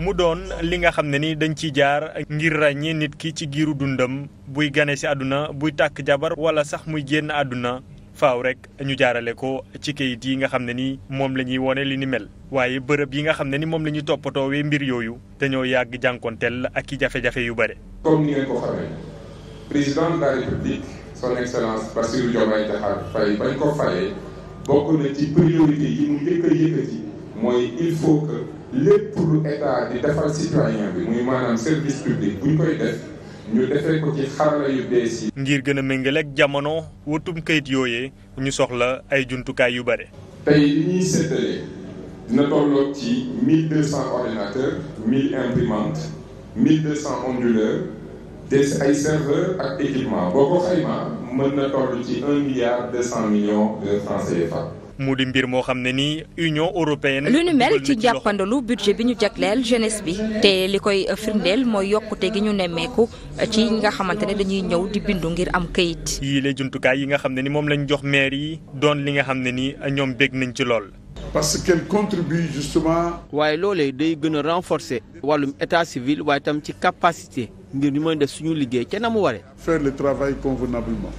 mu doon li nga xam ne ni dañ ciy jaar ngir ràññee nit ki ci giiru dundam buy gane si àdduna buy tàkk jabar wala sax muy génn àdduna faw rek ñu jaarale ko ci kayit yi nga xam ne ni moom la ñuy wone li ni mel waaye bërëb yi nga xam ne ni moom lañuy toppatoo toppatoowee mbir yooyu dañoo yàgg jànkonteel ak i jafe-jafe yu bare. comme ni ngeen ko xamee président de république son excellence Bassirou Diomaye Diakhar Faye bañ ko fayee bokk na ci priorité yi mu lépp lu état di defal citoyen bi muy maanaam service public bu ñu koy def ñu defee ko ci xarala yu bees yi. ngir gën a méngale ak jamono wutum kayit yooyee ñu soxla ay jumtukaay yu bare. tey li ñuy séddale dina tolloog ci 1200 ordinateurs 1000 imprimantes des ay serveurs ak équipement boo ko xaymaa mën na toll ci 1 milliard millions de francs CFA. mu di mbir moo xam ne nii Union européenne. lu nu mel ci jàppandalu budget bi ñu jagleel jeunesse bi te li koy firndeel mooy yokkute gi ñu nemmeeku ci nga xamante ne dañuy ñëw di bindu ngir am kayit. yii la jumtukaay yi nga xam ne ni moom lañ jox maire yi doon li nga xam ne nii ñoom bég nañ ci lool. parce qu'elle contribue justement. waaye loolee day gën a renforcer wàllum état civil waaye tam ci capacité. ngir ñu mën def suñu liggéey ca na mu waree. faire le travail convenablement.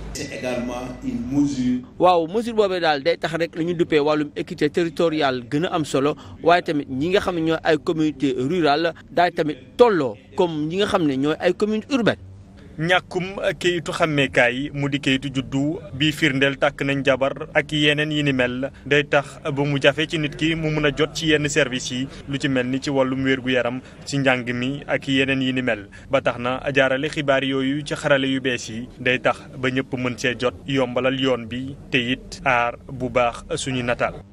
waaw mesure boobee daal day tax rek lu ñu duppee wàllum équité territoriale gën a am solo waaye tamit ñi nga xam ne ñooy ay communauté rurale daay tamit tolloo comme ñi nga xam ne ñooy ay communes urbaines. ñàkkum kayitu xàmmeekaay mu di kayitu juddu bii firndeel tàkk nañ jabar ak yeneen yi ni mel day tax ba mu jafee ci nit ki mu mun a jot ci yenn services yi lu ci mel ni ci wàllum wér-gu-yaram ci njàng mi ak yeneen yi ni mel ba tax na ajaarale xibaar yooyu ci xarale yu bees yi day tax ba ñëpp mën see jot yombalal yoon bi te it aar bu baax suñu nataal